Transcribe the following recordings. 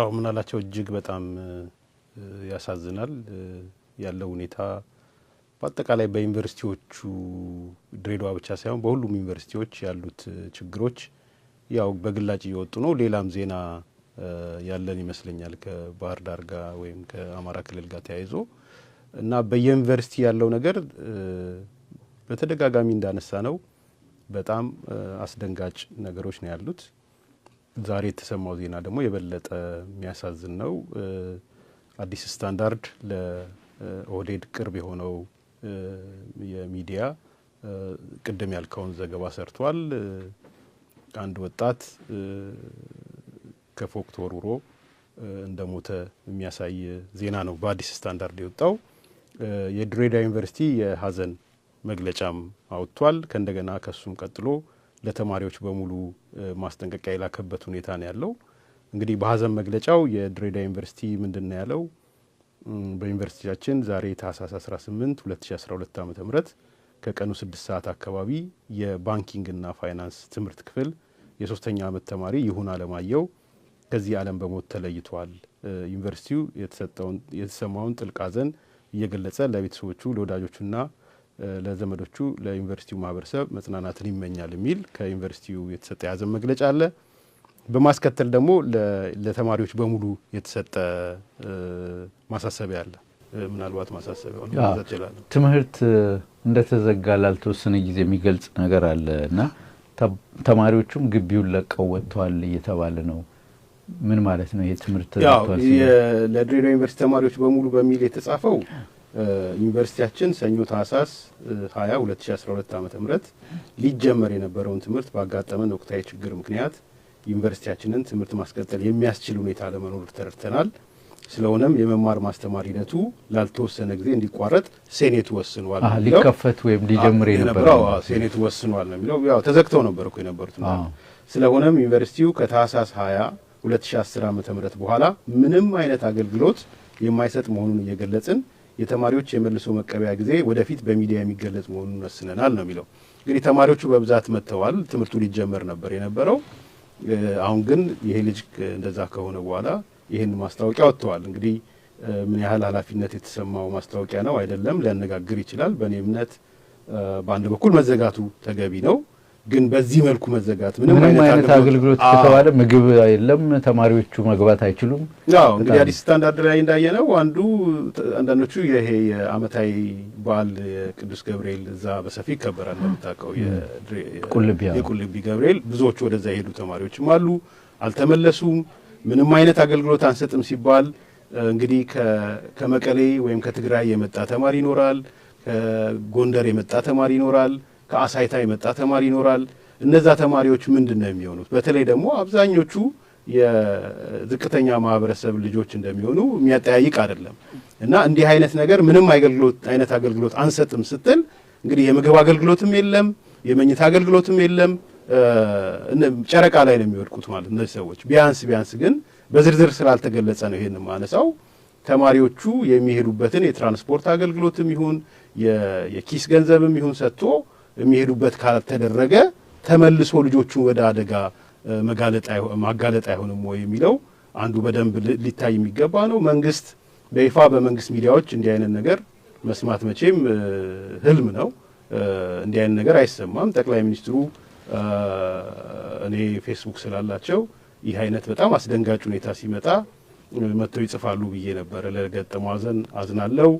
አዎ ምናላቸው እጅግ በጣም ያሳዝናል ያለው ሁኔታ በአጠቃላይ በዩኒቨርሲቲዎቹ ድሬዳዋ ብቻ ሳይሆን በሁሉም ዩኒቨርሲቲዎች ያሉት ችግሮች ያው በግላጭ እየወጡ ነው። ሌላም ዜና ያለን ይመስለኛል ከባህር ዳር ጋር ወይም ከአማራ ክልል ጋር ተያይዞ እና በየዩኒቨርሲቲ ያለው ነገር በተደጋጋሚ እንዳነሳ ነው በጣም አስደንጋጭ ነገሮች ነው ያሉት። ዛሬ የተሰማው ዜና ደግሞ የበለጠ የሚያሳዝን ነው። አዲስ ስታንዳርድ ለኦህዴድ ቅርብ የሆነው የሚዲያ ቅድም ያልከውን ዘገባ ሰርቷል። አንድ ወጣት ከፎቅ ተወርውሮ እንደሞተ የሚያሳይ ዜና ነው በአዲስ ስታንዳርድ የወጣው። የድሬዳዋ ዩኒቨርሲቲ የሀዘን መግለጫም አውጥቷል። ከእንደገና ከሱም ቀጥሎ ለተማሪዎች በሙሉ ማስጠንቀቂያ የላከበት ሁኔታ ነው ያለው። እንግዲህ በሀዘን መግለጫው የድሬዳዋ ዩኒቨርሲቲ ምንድን ነው ያለው? በዩኒቨርሲቲያችን ዛሬ ታህሳስ 18 2012 ዓ ም ከቀኑ 6 ሰዓት አካባቢ የባንኪንግና ፋይናንስ ትምህርት ክፍል የሶስተኛ ዓመት ተማሪ ይሁን አለማየው ከዚህ ዓለም በሞት ተለይቷል። ዩኒቨርሲቲው የተሰማውን ጥልቅ ሐዘን እየገለጸ ለቤተሰቦቹ ለወዳጆቹና ለዘመዶቹ ለዩኒቨርሲቲው ማህበረሰብ መጽናናትን ይመኛል የሚል ከዩኒቨርሲቲው የተሰጠ የሀዘን መግለጫ አለ። በማስከተል ደግሞ ለተማሪዎች በሙሉ የተሰጠ ማሳሰቢያ አለ። ምናልባት ማሳሰቢያ ትምህርት እንደተዘጋ ላልተወሰነ ጊዜ የሚገልጽ ነገር አለ እና ተማሪዎቹም ግቢውን ለቀው ወጥተዋል እየተባለ ነው። ምን ማለት ነው? ይሄ ትምህርት ለድሬዳዋ ዩኒቨርሲቲ ተማሪዎች በሙሉ በሚል የተጻፈው ዩኒቨርሲቲያችን ሰኞ ታህሳስ 20 2012 ዓ ም ሊጀመር የነበረውን ትምህርት ባጋጠመን ወቅታዊ ችግር ምክንያት ዩኒቨርሲቲያችንን ትምህርት ማስቀጠል የሚያስችል ሁኔታ ለመኖር ተረድተናል። ስለሆነም የመማር ማስተማር ሂደቱ ላልተወሰነ ጊዜ እንዲቋረጥ ሴኔቱ ወስኗል። ሊከፈት ወይም ሊጀምር የነበረው ሴኔቱ ወስኗል ነው የሚለው። ያው ተዘግተው ነበር እኮ የነበሩት። ስለሆነም ዩኒቨርሲቲው ከታህሳስ 20 2010 ዓ ም በኋላ ምንም አይነት አገልግሎት የማይሰጥ መሆኑን እየገለጽን የተማሪዎች የመልሶ መቀበያ ጊዜ ወደፊት በሚዲያ የሚገለጽ መሆኑን ወስነናል ነው የሚለው። እንግዲህ ተማሪዎቹ በብዛት መጥተዋል። ትምህርቱ ሊጀመር ነበር የነበረው። አሁን ግን ይሄ ልጅ እንደዛ ከሆነ በኋላ ይህን ማስታወቂያ ወጥተዋል። እንግዲህ ምን ያህል ኃላፊነት የተሰማው ማስታወቂያ ነው አይደለም ሊያነጋግር ይችላል። በእኔ እምነት በአንድ በኩል መዘጋቱ ተገቢ ነው። ግን በዚህ መልኩ መዘጋት ምንም አይነት አገልግሎት ከተባለ ምግብ የለም፣ ተማሪዎቹ መግባት አይችሉም። አዎ እንግዲህ አዲስ ስታንዳርድ ላይ እንዳየነው አንዱ አንዳንዶቹ ይሄ የአመታዊ በዓል የቅዱስ ገብርኤል እዛ በሰፊ ይከበራል እንደምታውቀው፣ የቁልቢ ገብርኤል ብዙዎቹ ወደዛ የሄዱ ተማሪዎችም አሉ፣ አልተመለሱም። ምንም አይነት አገልግሎት አንሰጥም ሲባል እንግዲህ ከመቀሌ ወይም ከትግራይ የመጣ ተማሪ ይኖራል፣ ከጎንደር የመጣ ተማሪ ይኖራል ከአሳይታ የመጣ ተማሪ ይኖራል። እነዛ ተማሪዎች ምንድን ነው የሚሆኑት? በተለይ ደግሞ አብዛኞቹ የዝቅተኛ ማህበረሰብ ልጆች እንደሚሆኑ የሚያጠያይቅ አይደለም እና እንዲህ አይነት ነገር ምንም አገልግሎት አይነት አገልግሎት አንሰጥም ስትል እንግዲህ የምግብ አገልግሎትም የለም፣ የመኝታ አገልግሎትም የለም። ጨረቃ ላይ ነው የሚወድቁት ማለት እነዚህ ሰዎች። ቢያንስ ቢያንስ ግን በዝርዝር ስላልተገለጸ ነው ይሄን ማነሳው። ተማሪዎቹ የሚሄዱበትን የትራንስፖርት አገልግሎትም ይሁን የኪስ ገንዘብም ይሁን ሰጥቶ የሚሄዱበት ካልተደረገ ተመልሶ ልጆቹን ወደ አደጋ ማጋለጥ አይሆንም ወይ የሚለው አንዱ በደንብ ሊታይ የሚገባ ነው። መንግስት በይፋ በመንግስት ሚዲያዎች እንዲህ አይነት ነገር መስማት መቼም ህልም ነው። እንዲህ አይነት ነገር አይሰማም። ጠቅላይ ሚኒስትሩ እኔ ፌስቡክ ስላላቸው ይህ አይነት በጣም አስደንጋጭ ሁኔታ ሲመጣ መጥተው ይጽፋሉ ብዬ ነበረ። ለገጠሙ ሐዘን አዝናለው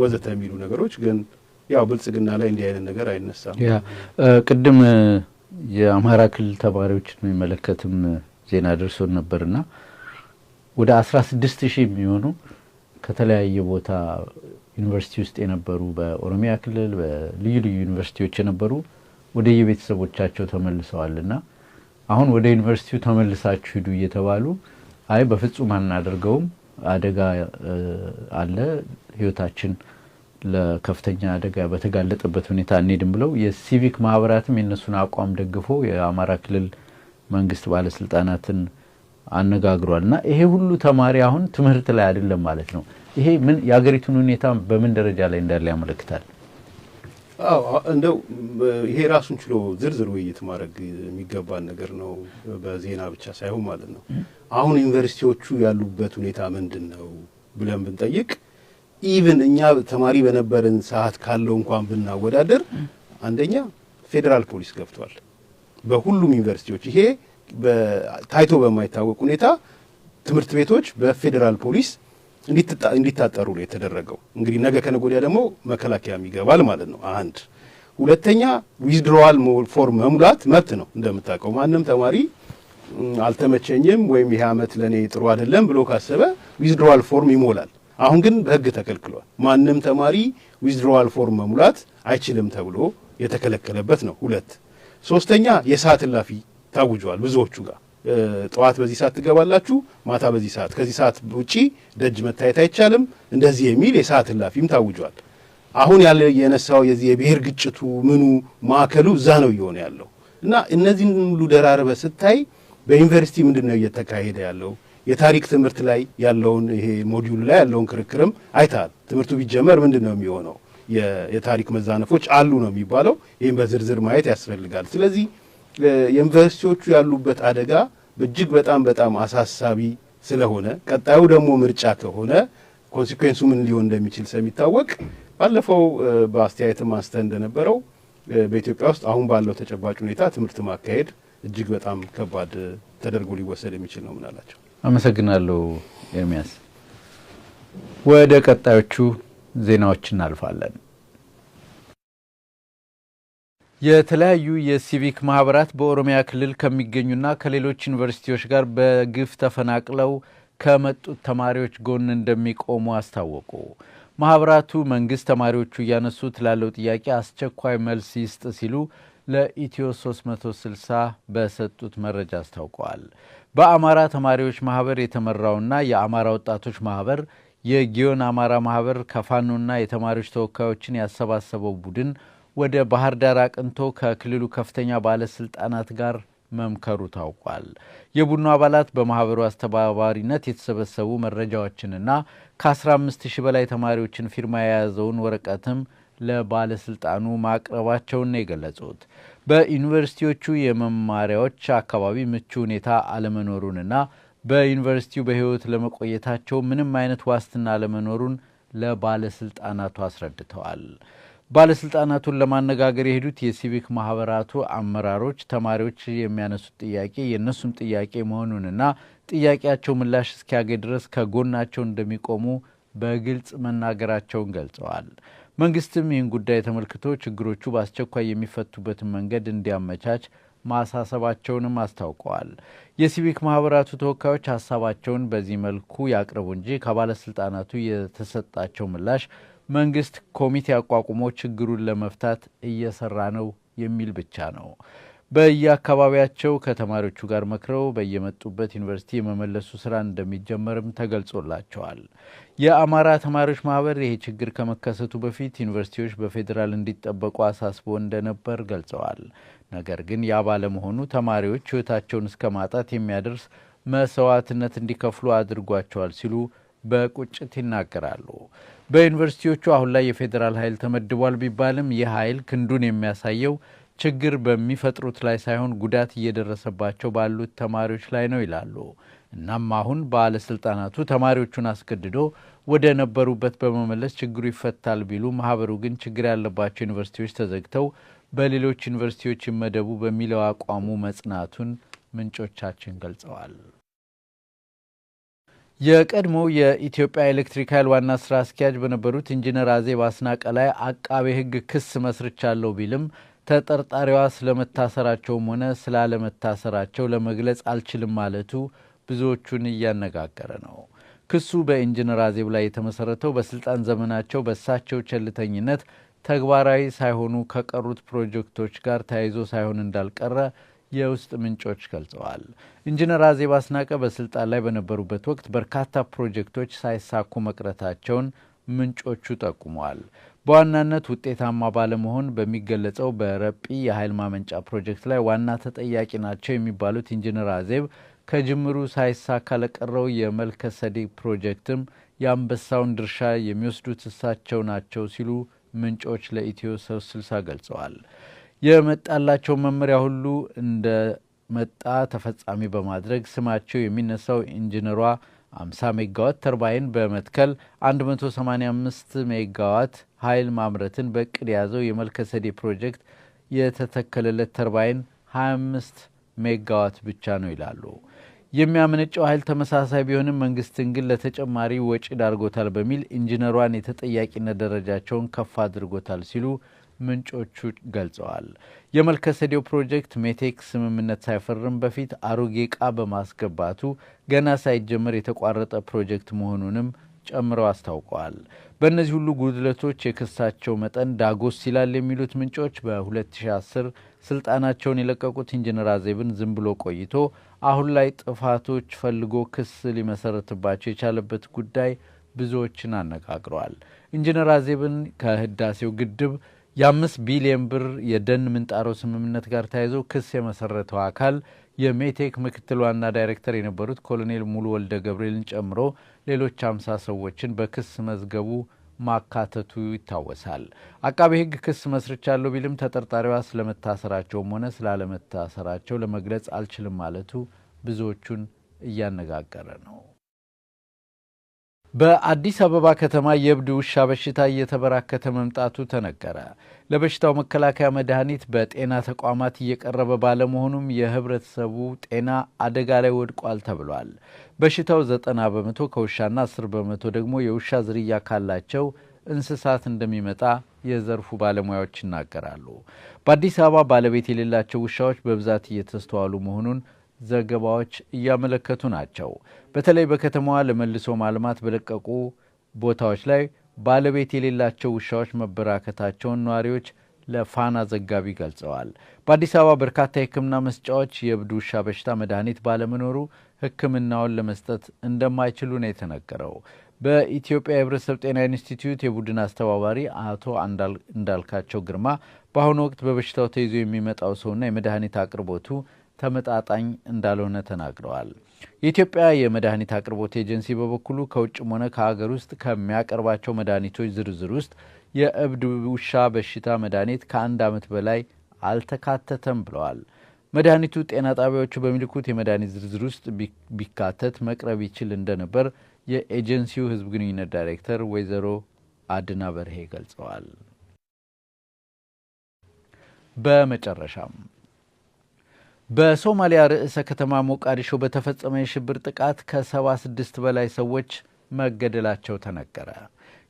ወዘተ የሚሉ ነገሮች ግን ያው ብልጽግና ላይ እንዲህ አይነት ነገር አይነሳም። ያ ቅድም የአማራ ክልል ተማሪዎችን የሚመለከትም ዜና ደርሶን ነበርና ወደ አስራ ስድስት ሺህ የሚሆኑ ከተለያየ ቦታ ዩኒቨርሲቲ ውስጥ የነበሩ በኦሮሚያ ክልል በልዩ ልዩ ዩኒቨርሲቲዎች የነበሩ ወደ የቤተሰቦቻቸው ተመልሰዋልና አሁን ወደ ዩኒቨርሲቲው ተመልሳችሁ ሂዱ እየተባሉ አይ በፍጹም አናደርገውም፣ አደጋ አለ ህይወታችን ለከፍተኛ አደጋ በተጋለጠበት ሁኔታ እንሄድም ብለው የሲቪክ ማህበራትም የነሱን አቋም ደግፎ የአማራ ክልል መንግስት ባለስልጣናትን አነጋግሯል እና ይሄ ሁሉ ተማሪ አሁን ትምህርት ላይ አይደለም ማለት ነው። ይሄ ምን የሀገሪቱን ሁኔታ በምን ደረጃ ላይ እንዳለ ያመለክታል። እንደው ይሄ ራሱን ችሎ ዝርዝር ውይይት ማድረግ የሚገባን ነገር ነው። በዜና ብቻ ሳይሆን ማለት ነው። አሁን ዩኒቨርሲቲዎቹ ያሉበት ሁኔታ ምንድን ነው ብለን ብንጠይቅ ኢቭን እኛ ተማሪ በነበርን ሰዓት ካለው እንኳን ብናወዳደር አንደኛ ፌዴራል ፖሊስ ገብቷል በሁሉም ዩኒቨርሲቲዎች። ይሄ ታይቶ በማይታወቅ ሁኔታ ትምህርት ቤቶች በፌዴራል ፖሊስ እንዲታጠሩ ነው የተደረገው። እንግዲህ ነገ ከነጎዲያ ደግሞ መከላከያም ይገባል ማለት ነው። አንድ ሁለተኛ ዊዝድሮዋል ፎርም መሙላት መብት ነው። እንደምታውቀው ማንም ተማሪ አልተመቸኝም ወይም ይህ ዓመት ለእኔ ጥሩ አይደለም ብሎ ካሰበ ዊዝድሮዋል ፎርም ይሞላል። አሁን ግን በህግ ተከልክሏል። ማንም ተማሪ ዊዝድሮዋል ፎርም መሙላት አይችልም ተብሎ የተከለከለበት ነው። ሁለት ሶስተኛ የሰዓት እላፊ ታውጇል። ብዙዎቹ ጋር ጠዋት በዚህ ሰዓት ትገባላችሁ፣ ማታ በዚህ ሰዓት፣ ከዚህ ሰዓት ውጪ ደጅ መታየት አይቻልም፣ እንደዚህ የሚል የሰዓት እላፊም ታውጇል። አሁን ያለ የነሳው የዚህ የብሔር ግጭቱ ምኑ ማዕከሉ እዛ ነው እየሆነ ያለው እና እነዚህን ሁሉ ደራርበ ስታይ በዩኒቨርሲቲ ምንድን ነው እየተካሄደ ያለው የታሪክ ትምህርት ላይ ያለውን ይሄ ሞዲውሉ ላይ ያለውን ክርክርም አይታል። ትምህርቱ ቢጀመር ምንድን ነው የሚሆነው? የታሪክ መዛነፎች አሉ ነው የሚባለው። ይህም በዝርዝር ማየት ያስፈልጋል። ስለዚህ የዩኒቨርሲቲዎቹ ያሉበት አደጋ በእጅግ በጣም በጣም አሳሳቢ ስለሆነ ቀጣዩ ደግሞ ምርጫ ከሆነ ኮንሲኩዌንሱ ምን ሊሆን እንደሚችል ስለሚታወቅ ባለፈው በአስተያየትም ማስተ እንደነበረው በኢትዮጵያ ውስጥ አሁን ባለው ተጨባጭ ሁኔታ ትምህርት ማካሄድ እጅግ በጣም ከባድ ተደርጎ ሊወሰድ የሚችል ነው ምናላቸው። አመሰግናለሁ ኤርሚያስ። ወደ ቀጣዮቹ ዜናዎች እናልፋለን። የተለያዩ የሲቪክ ማህበራት በኦሮሚያ ክልል ከሚገኙና ከሌሎች ዩኒቨርሲቲዎች ጋር በግፍ ተፈናቅለው ከመጡት ተማሪዎች ጎን እንደሚቆሙ አስታወቁ። ማህበራቱ መንግስት ተማሪዎቹ እያነሱት ላለው ጥያቄ አስቸኳይ መልስ ይስጥ ሲሉ ለኢትዮ 360 በሰጡት መረጃ አስታውቀዋል። በአማራ ተማሪዎች ማህበር የተመራውና የአማራ ወጣቶች ማህበር የጊዮን አማራ ማህበር ከፋኖና የተማሪዎች ተወካዮችን ያሰባሰበው ቡድን ወደ ባህር ዳር አቅንቶ ከክልሉ ከፍተኛ ባለስልጣናት ጋር መምከሩ ታውቋል። የቡድኑ አባላት በማህበሩ አስተባባሪነት የተሰበሰቡ መረጃዎችንና ከ15 ሺህ በላይ ተማሪዎችን ፊርማ የያዘውን ወረቀትም ለባለስልጣኑ ማቅረባቸውን ነው የገለጹት። በዩኒቨርሲቲዎቹ የመማሪያዎች አካባቢ ምቹ ሁኔታ አለመኖሩንና በዩኒቨርሲቲው በሕይወት ለመቆየታቸው ምንም አይነት ዋስትና አለመኖሩን ለባለስልጣናቱ አስረድተዋል። ባለስልጣናቱን ለማነጋገር የሄዱት የሲቪክ ማህበራቱ አመራሮች ተማሪዎች የሚያነሱት ጥያቄ የእነሱም ጥያቄ መሆኑንና ጥያቄያቸው ምላሽ እስኪያገኝ ድረስ ከጎናቸው እንደሚቆሙ በግልጽ መናገራቸውን ገልጸዋል። መንግስትም ይህን ጉዳይ ተመልክቶ ችግሮቹ በአስቸኳይ የሚፈቱበትን መንገድ እንዲያመቻች ማሳሰባቸውንም አስታውቀዋል። የሲቪክ ማህበራቱ ተወካዮች ሀሳባቸውን በዚህ መልኩ ያቅርቡ እንጂ ከባለስልጣናቱ የተሰጣቸው ምላሽ መንግስት ኮሚቴ አቋቁሞ ችግሩን ለመፍታት እየሰራ ነው የሚል ብቻ ነው። በየአካባቢያቸው ከተማሪዎቹ ጋር መክረው በየመጡበት ዩኒቨርሲቲ የመመለሱ ስራ እንደሚጀመርም ተገልጾላቸዋል። የአማራ ተማሪዎች ማህበር ይሄ ችግር ከመከሰቱ በፊት ዩኒቨርሲቲዎች በፌዴራል እንዲጠበቁ አሳስቦ እንደነበር ገልጸዋል። ነገር ግን ያ ባለመሆኑ ተማሪዎች ሕይወታቸውን እስከ ማጣት የሚያደርስ መስዋዕትነት እንዲከፍሉ አድርጓቸዋል ሲሉ በቁጭት ይናገራሉ። በዩኒቨርሲቲዎቹ አሁን ላይ የፌዴራል ኃይል ተመድቧል ቢባልም ይህ ኃይል ክንዱን የሚያሳየው ችግር በሚፈጥሩት ላይ ሳይሆን ጉዳት እየደረሰባቸው ባሉት ተማሪዎች ላይ ነው ይላሉ። እናም አሁን ባለስልጣናቱ ተማሪዎቹን አስገድዶ ወደ ነበሩበት በመመለስ ችግሩ ይፈታል ቢሉ ማህበሩ ግን ችግር ያለባቸው ዩኒቨርሲቲዎች ተዘግተው በሌሎች ዩኒቨርሲቲዎች ይመደቡ በሚለው አቋሙ መጽናቱን ምንጮቻችን ገልጸዋል። የቀድሞው የኢትዮጵያ ኤሌክትሪክ ኃይል ዋና ስራ አስኪያጅ በነበሩት ኢንጂነር አዜብ አስናቀ ላይ አቃቤ ሕግ ክስ መስርቻለሁ ቢልም ተጠርጣሪዋ ስለመታሰራቸውም ሆነ ስላለመታሰራቸው ለመግለጽ አልችልም ማለቱ ብዙዎቹን እያነጋገረ ነው። ክሱ በኢንጂነር አዜብ ላይ የተመሰረተው በስልጣን ዘመናቸው በእሳቸው ቸልተኝነት ተግባራዊ ሳይሆኑ ከቀሩት ፕሮጀክቶች ጋር ተያይዞ ሳይሆን እንዳልቀረ የውስጥ ምንጮች ገልጸዋል። ኢንጂነር አዜብ አስናቀ በስልጣን ላይ በነበሩበት ወቅት በርካታ ፕሮጀክቶች ሳይሳኩ መቅረታቸውን ምንጮቹ ጠቁመዋል። በዋናነት ውጤታማ ባለመሆን በሚገለጸው በረጲ የኃይል ማመንጫ ፕሮጀክት ላይ ዋና ተጠያቂ ናቸው የሚባሉት ኢንጂነር አዜብ ከጅምሩ ሳይሳካ ለቀረው የመልከሰዴ ፕሮጀክትም የአንበሳውን ድርሻ የሚወስዱት እሳቸው ናቸው ሲሉ ምንጮች ለኢትዮ ሰው ስልሳ ገልጸዋል። የመጣላቸው መመሪያ ሁሉ እንደ መጣ ተፈጻሚ በማድረግ ስማቸው የሚነሳው ኢንጂነሯ 50 ሜጋዋት ተርባይን በመትከል 185 ሜጋዋት ኃይል ማምረትን በቅድ የያዘው የመልከሰዴ ፕሮጀክት የተተከለለት ተርባይን 25 ሜጋዋት ብቻ ነው ይላሉ። የሚያመነጨው ኃይል ተመሳሳይ ቢሆንም መንግስትን ግን ለተጨማሪ ወጪ ዳርጎታል በሚል ኢንጂነሯን የተጠያቂነት ደረጃቸውን ከፍ አድርጎታል ሲሉ ምንጮቹ ገልጸዋል። የመልከሰዴው ፕሮጀክት ሜቴክ ስምምነት ሳይፈርም በፊት አሮጌ ዕቃ በማስገባቱ ገና ሳይጀመር የተቋረጠ ፕሮጀክት መሆኑንም ጨምረው አስታውቀዋል። በእነዚህ ሁሉ ጉድለቶች የክሳቸው መጠን ዳጎስ ይላል የሚሉት ምንጮች በ2010 ስልጣናቸውን የለቀቁት ኢንጂነር አዜብን ዝም ብሎ ቆይቶ አሁን ላይ ጥፋቶች ፈልጎ ክስ ሊመሰረትባቸው የቻለበት ጉዳይ ብዙዎችን አነጋግረዋል። ኢንጂነር አዜብን ከህዳሴው ግድብ የአምስት ቢሊዮን ብር የደን ምንጣሮ ስምምነት ጋር ተያይዞ ክስ የመሰረተው አካል የሜቴክ ምክትል ዋና ዳይሬክተር የነበሩት ኮሎኔል ሙሉ ወልደ ገብርኤልን ጨምሮ ሌሎች አምሳ ሰዎችን በክስ መዝገቡ ማካተቱ ይታወሳል። አቃቤ ሕግ ክስ መስርቻለሁ ቢልም ተጠርጣሪዋ ስለመታሰራቸውም ሆነ ስላለመታሰራቸው ለመግለጽ አልችልም ማለቱ ብዙዎቹን እያነጋገረ ነው። በአዲስ አበባ ከተማ የእብድ ውሻ በሽታ እየተበራከተ መምጣቱ ተነገረ። ለበሽታው መከላከያ መድኃኒት በጤና ተቋማት እየቀረበ ባለመሆኑም የህብረተሰቡ ጤና አደጋ ላይ ወድቋል ተብሏል። በሽታው ዘጠና በመቶ ከውሻና አስር በመቶ ደግሞ የውሻ ዝርያ ካላቸው እንስሳት እንደሚመጣ የዘርፉ ባለሙያዎች ይናገራሉ። በአዲስ አበባ ባለቤት የሌላቸው ውሻዎች በብዛት እየተስተዋሉ መሆኑን ዘገባዎች እያመለከቱ ናቸው። በተለይ በከተማዋ ለመልሶ ማልማት በለቀቁ ቦታዎች ላይ ባለቤት የሌላቸው ውሻዎች መበራከታቸውን ነዋሪዎች ለፋና ዘጋቢ ገልጸዋል። በአዲስ አበባ በርካታ የሕክምና መስጫዎች የእብድ ውሻ በሽታ መድኃኒት ባለመኖሩ ሕክምናውን ለመስጠት እንደማይችሉ ነው የተነገረው። በኢትዮጵያ የህብረተሰብ ጤና ኢንስቲትዩት የቡድን አስተባባሪ አቶ እንዳልካቸው ግርማ በአሁኑ ወቅት በበሽታው ተይዞ የሚመጣው ሰውና የመድኃኒት አቅርቦቱ ተመጣጣኝ እንዳልሆነ ተናግረዋል። የኢትዮጵያ የመድኃኒት አቅርቦት ኤጀንሲ በበኩሉ ከውጭም ሆነ ከሀገር ውስጥ ከሚያቀርባቸው መድኃኒቶች ዝርዝር ውስጥ የእብድ ውሻ በሽታ መድኃኒት ከአንድ ዓመት በላይ አልተካተተም ብለዋል። መድኃኒቱ ጤና ጣቢያዎቹ በሚልኩት የመድኃኒት ዝርዝር ውስጥ ቢካተት መቅረብ ይችል እንደነበር የኤጀንሲው ሕዝብ ግንኙነት ዳይሬክተር ወይዘሮ አድና በርሄ ገልጸዋል። በመጨረሻም በሶማሊያ ርዕሰ ከተማ ሞቃዲሾ በተፈጸመ የሽብር ጥቃት ከ76 በላይ ሰዎች መገደላቸው ተነገረ።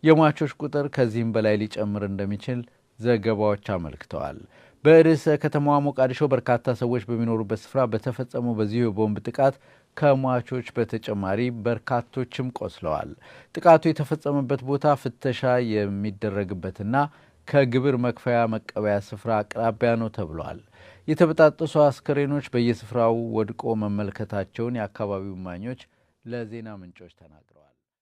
የሟቾች ቁጥር ከዚህም በላይ ሊጨምር እንደሚችል ዘገባዎች አመልክተዋል። በርዕሰ ከተማዋ ሞቃዲሾ በርካታ ሰዎች በሚኖሩበት ስፍራ በተፈጸመው በዚሁ የቦምብ ጥቃት ከሟቾች በተጨማሪ በርካቶችም ቆስለዋል። ጥቃቱ የተፈጸመበት ቦታ ፍተሻ የሚደረግበትና ከግብር መክፈያ መቀበያ ስፍራ አቅራቢያ ነው ተብሏል። የተበጣጠሱ አስከሬኖች በየስፍራው ወድቆ መመልከታቸውን የአካባቢው እማኞች ለዜና ምንጮች ተናግረዋል።